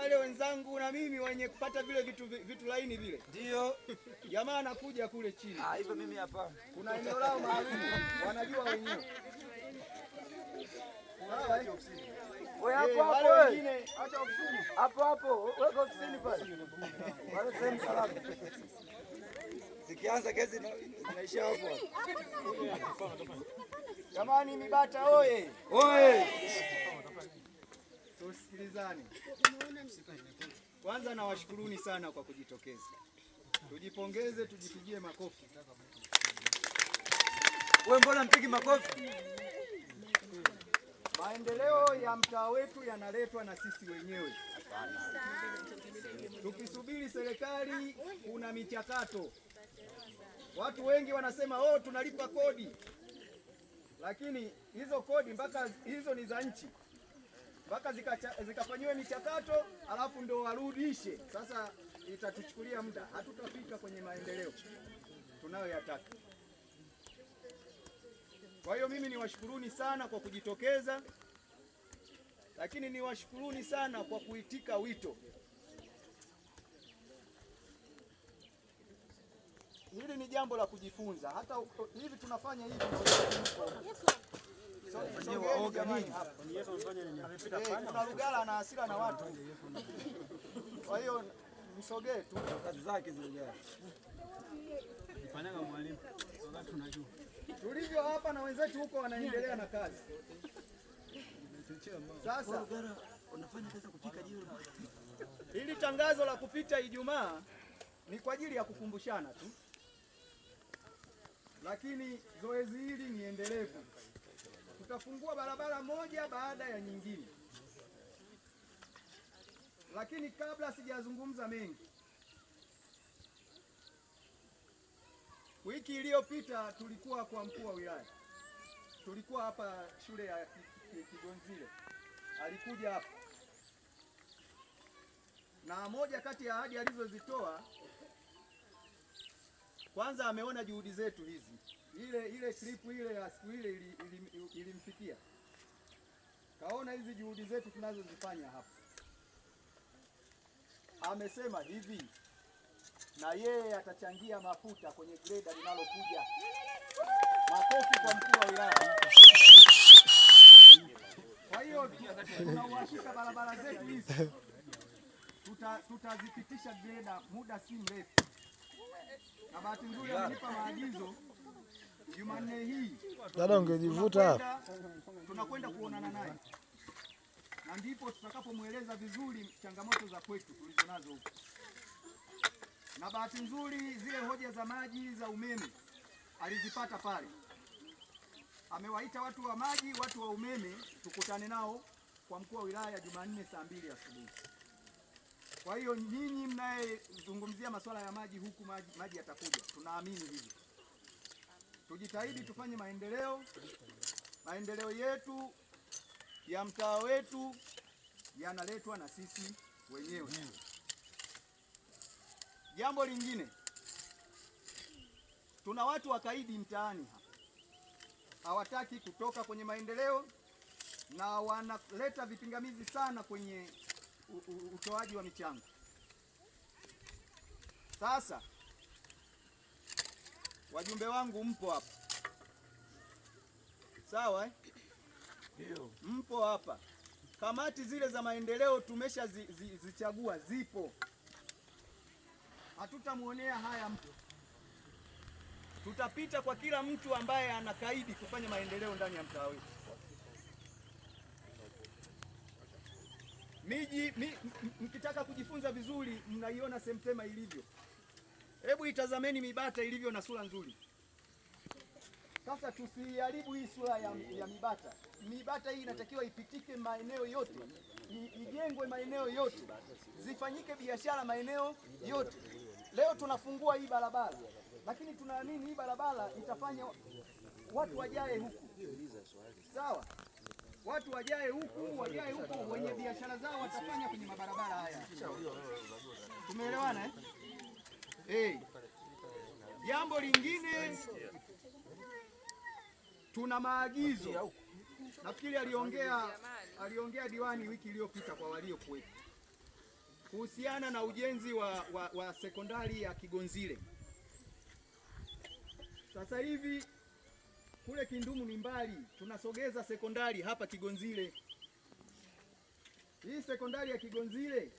wale wenzangu na mimi wenye kupata vile vitu, vitu laini vile ndio jamaa anakuja kule chini. Ah, hivyo mimi hapa kuna eneo lao maalum wanajua wenyewe eh, hapo hapo weka ofisini pale, wale sehemu salama zikianza kesi zinaisha hapo. Jamani, Mibata oye oye! tusikilizane. Kwanza nawashukuruni sana kwa kujitokeza. Tujipongeze, tujipigie makofi. Wewe mbona mpigi makofi? Maendeleo ya mtaa wetu yanaletwa na sisi wenyewe. Tukisubiri serikali, kuna michakato. Watu wengi wanasema oh, tunalipa kodi, lakini hizo kodi mpaka hizo ni za nchi mpaka zikafanyiwe michakato, alafu ndo warudishe. Sasa itatuchukulia muda, hatutafika kwenye maendeleo tunayoyataka. Kwa hiyo mimi niwashukuruni sana kwa kujitokeza, lakini niwashukuruni sana kwa kuitika wito. Hili ni jambo la kujifunza, hata hivi tunafanya hivi kuna Lugala na hasira na watu, kwa hiyo msogee tu. Kazi zake tulivyo hapa na wenzetu huko wanaendelea na kazi. Sasa hili tangazo la kupita Ijumaa ni kwa ajili ya kukumbushana tu, lakini zoezi hili ni endelevu tutafungua barabara moja baada ya nyingine. Lakini kabla sijazungumza mengi, wiki iliyopita tulikuwa kwa mkuu wa wilaya, tulikuwa hapa shule ya Kigonzile, alikuja hapa na moja kati ya ahadi alizozitoa, kwanza ameona juhudi zetu hizi ile ile klipu ile ya siku ile ilimfikia, ili, ili kaona hizi juhudi zetu tunazozifanya hapa. Amesema hivi na yeye atachangia mafuta kwenye greda linalokuja. Makofi kwa mkuu wa wilaya. Kwa hiyo tunauhakika barabara zetu hizi tutazipitisha tuta greda muda si mrefu, na bahati nzuri amenipa maagizo Jumanne hii dada, ungejivuta Tunakwenda kuonana naye na ndipo tutakapomweleza vizuri changamoto za kwetu tulizonazo huko, na bahati nzuri zile hoja za maji za umeme alizipata pale. Amewaita watu wa maji, watu wa umeme, tukutane nao kwa mkuu wa wilaya Jumanne saa mbili asubuhi. Kwa hiyo nyinyi mnayezungumzia masuala ya maji huku maji, maji yatakuja, tunaamini hivyo. Tujitahidi tufanye maendeleo, maendeleo yetu ya mtaa wetu yanaletwa na sisi wenyewe. Jambo lingine, tuna watu wakaidi mtaani hapa, hawataki kutoka kwenye maendeleo na wanaleta vipingamizi sana kwenye utoaji wa michango. Sasa Wajumbe wangu mpo hapa sawa eh? Ndio. Mpo hapa. Kamati zile za maendeleo tumeshazichagua zi, zi, zipo. Hatutamwonea haya mtu, tutapita kwa kila mtu ambaye anakaidi kufanya maendeleo ndani ya mtaa wetu. Miji mkitaka kujifunza vizuri, mnaiona Semtema ilivyo. Hebu itazameni mibata ilivyo na sura nzuri. Sasa tusiharibu hii sura ya, ya mibata. Mibata hii inatakiwa ipitike maeneo yote, ijengwe maeneo yote, zifanyike biashara maeneo yote. Leo tunafungua hii barabara, lakini tunaamini hii barabara itafanya watu wajae huku, sawa? Watu wajae huku, wajae huku, wenye biashara zao watafanya kwenye mabarabara haya. Tumeelewana eh? hey. Jambo lingine tuna maagizo, nafikiri aliongea aliongea diwani wiki iliyopita kwa waliokuwepo kuhusiana na ujenzi wa, wa, wa sekondari ya Kigonzile. Sasa hivi kule Kindumu ni mbali, tunasogeza sekondari hapa Kigonzile. Hii sekondari ya Kigonzile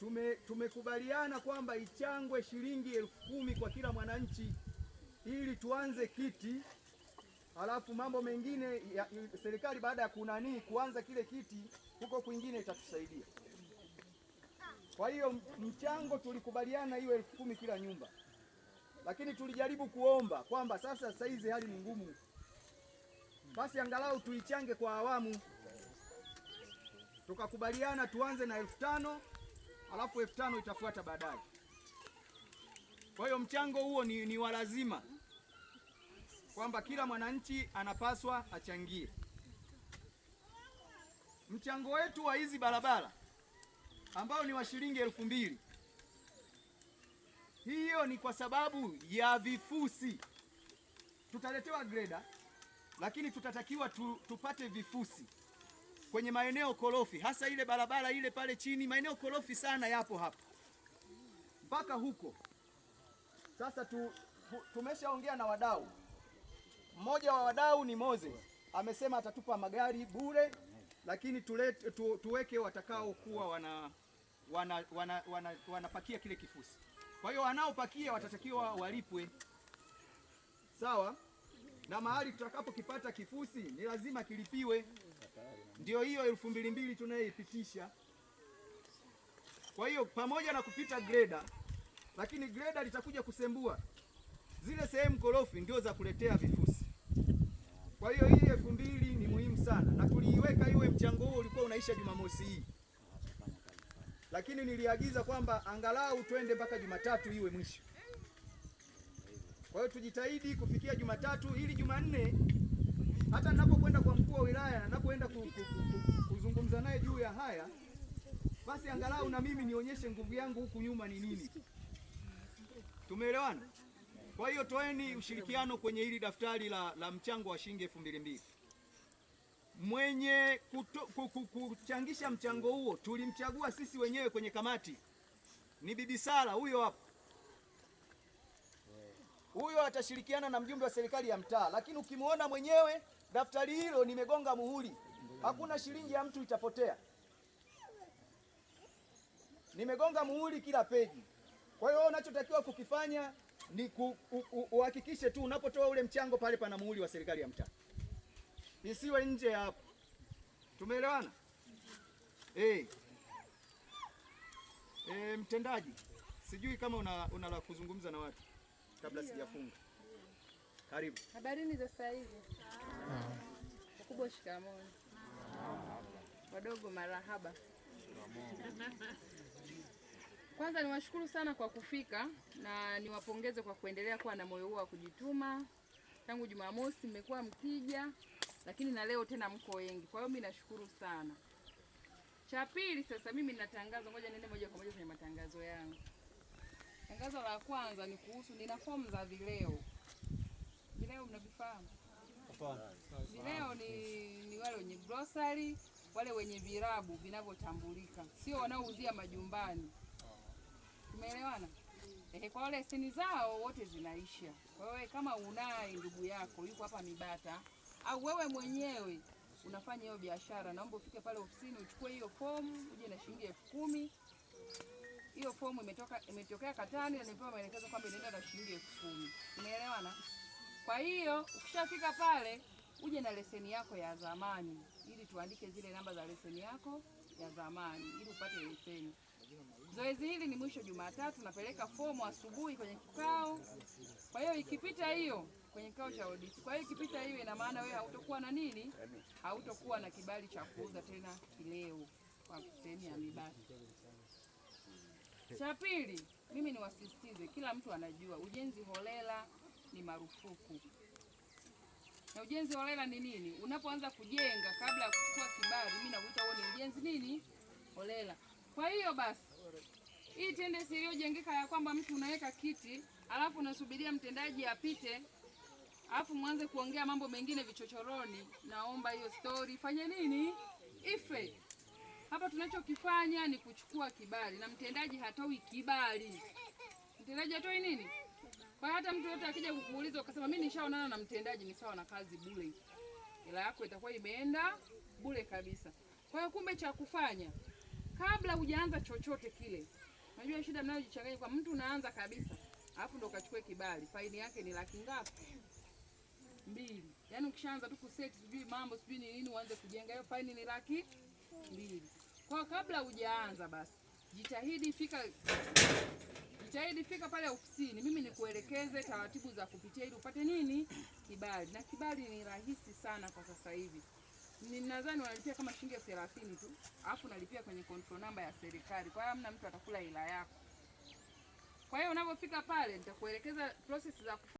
tume tumekubaliana kwamba ichangwe shilingi elfu kumi kwa kila mwananchi ili tuanze kiti, halafu mambo mengine ya serikali baada ya kunanii kuanza kile kiti huko kwingine itatusaidia. Kwa hiyo mchango tulikubaliana hiyo elfu kumi kila nyumba, lakini tulijaribu kuomba kwamba sasa, sasa hizi hali ni ngumu, basi angalau tuichange kwa awamu. Tukakubaliana tuanze na elfu tano alafu elfu tano itafuata baadaye. Kwa hiyo mchango huo ni, ni wa lazima kwamba kila mwananchi anapaswa achangie. Mchango wetu wa hizi barabara ambao ni wa shilingi elfu mbili hiyo ni kwa sababu ya vifusi. Tutaletewa greda, lakini tutatakiwa tu, tupate vifusi kwenye maeneo korofi, hasa ile barabara ile pale chini, maeneo korofi sana yapo hapa mpaka huko. Sasa tu, tu, tumeshaongea na wadau. Mmoja wa wadau ni Moses, amesema atatupa magari bure, lakini tulete, tu, tuweke watakaokuwa wana wanapakia wana, wana, wana kile kifusi. Kwa hiyo wanaopakia watatakiwa walipwe, sawa na mahali tutakapokipata kifusi ni lazima kilipiwe ndio hiyo elfu mbili mbili tunayoipitisha. Kwa hiyo pamoja na kupita greda, lakini greda litakuja kusembua zile sehemu korofi, ndio za kuletea vifusi. Kwa hiyo hii elfu mbili ni muhimu sana, na tuliiweka iwe, mchango huo ulikuwa unaisha Jumamosi hii, lakini niliagiza kwamba angalau twende mpaka Jumatatu iwe mwisho. Kwa hiyo tujitahidi kufikia Jumatatu ili Jumanne hata ninapokwenda kwa mkuu wa wilaya, ninapoenda kuzungumza naye juu ya haya, basi angalau na mimi nionyeshe nguvu yangu huku nyuma ni nini. Tumeelewana? Kwa hiyo toeni ushirikiano kwenye hili daftari la, la mchango wa shilingi elfu mbili mbili. Mwenye kuchangisha mchango huo tulimchagua sisi wenyewe kwenye kamati, ni Bibi Sara huyo hapo Huyo atashirikiana na mjumbe wa serikali ya mtaa, lakini ukimwona mwenyewe daftari hilo nimegonga muhuri, hakuna shilingi ya mtu itapotea. Nimegonga muhuri kila peji. Kwa hiyo unachotakiwa kukifanya ni uhakikishe tu unapotoa ule mchango pale pana muhuri wa serikali ya mtaa, isiwe nje ya hapo. Tumeelewana eh? Hey, eh, mtendaji, sijui kama una, una la kuzungumza na watu kabla sijafunga. Karibu. Habarini za sasa Wakubwa Wadogo marahaba. Kwanza niwashukuru sana kwa kufika na niwapongeze kwa kuendelea kuwa na moyo huo wa kujituma. Tangu Jumamosi mmekuwa mkija, lakini na leo tena mko wengi. Kwa hiyo mimi nashukuru sana. Cha pili sasa, mimi natangaza, ngoja niende moja kwa moja kwenye matangazo yangu. Tangazo la kwanza ni kuhusu, nina fomu za vileo Vileo mnavifahamu? Vileo ni, ni wale wenye grocery, wale wenye virabu vinavyotambulika, sio wanaouzia majumbani. Tumeelewana? Ehe, kwa wale leseni zao wote zinaisha. Kwa kama unaye ndugu yako yuko hapa Mibata au wewe mwenyewe unafanya hiyo biashara, naomba ufike pale ofisini uchukue hiyo fomu uje na shilingi elfu kumi. Hiyo fomu imetoka imetokea Katani na nimepewa maelekezo kwamba inaenda na shilingi elfu kumi. Umeelewana? Kwa hiyo ukishafika pale uje na leseni yako ya zamani, ili tuandike zile namba za leseni yako ya zamani ili upate leseni. Zoezi hili ni mwisho Jumatatu, napeleka fomu asubuhi kwenye kikao. Kwa hiyo ikipita hiyo kwenye kikao cha ODC, Kwa hiyo ikipita hiyo, ina maana wewe hautokuwa na nini, hautokuwa na kibali cha kuuza tena kileo kwa sehemu ya mibati. Cha pili, mimi niwasisitize, kila mtu anajua ujenzi holela ni marufuku. Na ujenzi holela ni nini? Unapoanza kujenga kabla ya kuchukua kibali, mimi nakuita huo ni ujenzi nini holela. Kwa hiyo basi hii tendency iliyojengeka ya kwamba mtu unaweka kiti alafu unasubiria mtendaji apite alafu mwanze kuongea mambo mengine vichochoroni, naomba hiyo stori fanye nini ife. Hapa tunachokifanya ni kuchukua kibali, na mtendaji hatoi kibali. Mtendaji hatoi nini kwa hiyo hata mtu yote akija kukuuliza ukasema mimi nishaonana na mtendaji, ni sawa na kazi bure, hela yako itakuwa imeenda bure kabisa. Kwa hiyo kumbe cha kufanya kabla hujaanza chochote kile, unajua shida mnayojichanganya kwa mtu unaanza kabisa alafu ndo ukachukue kibali, faini yake ni laki ngapi? Mbili. Yaani ukishaanza tu kuseti sijui mambo sijui ni nini, uanze kujenga, hiyo faini ni laki mbili. Kwa kabla hujaanza basi jitahidi fika jitahidi fika pale ofisini, mimi nikuelekeze taratibu za kupitia ili upate nini kibali, na kibali ni rahisi sana kwa sasa hivi ninadhani wanalipia kama shilingi elfu thelathini tu, alafu nalipia kwenye control namba ya serikali. Kwa hiyo hamna mtu atakula hela yako. Kwa hiyo unapofika pale, nitakuelekeza process za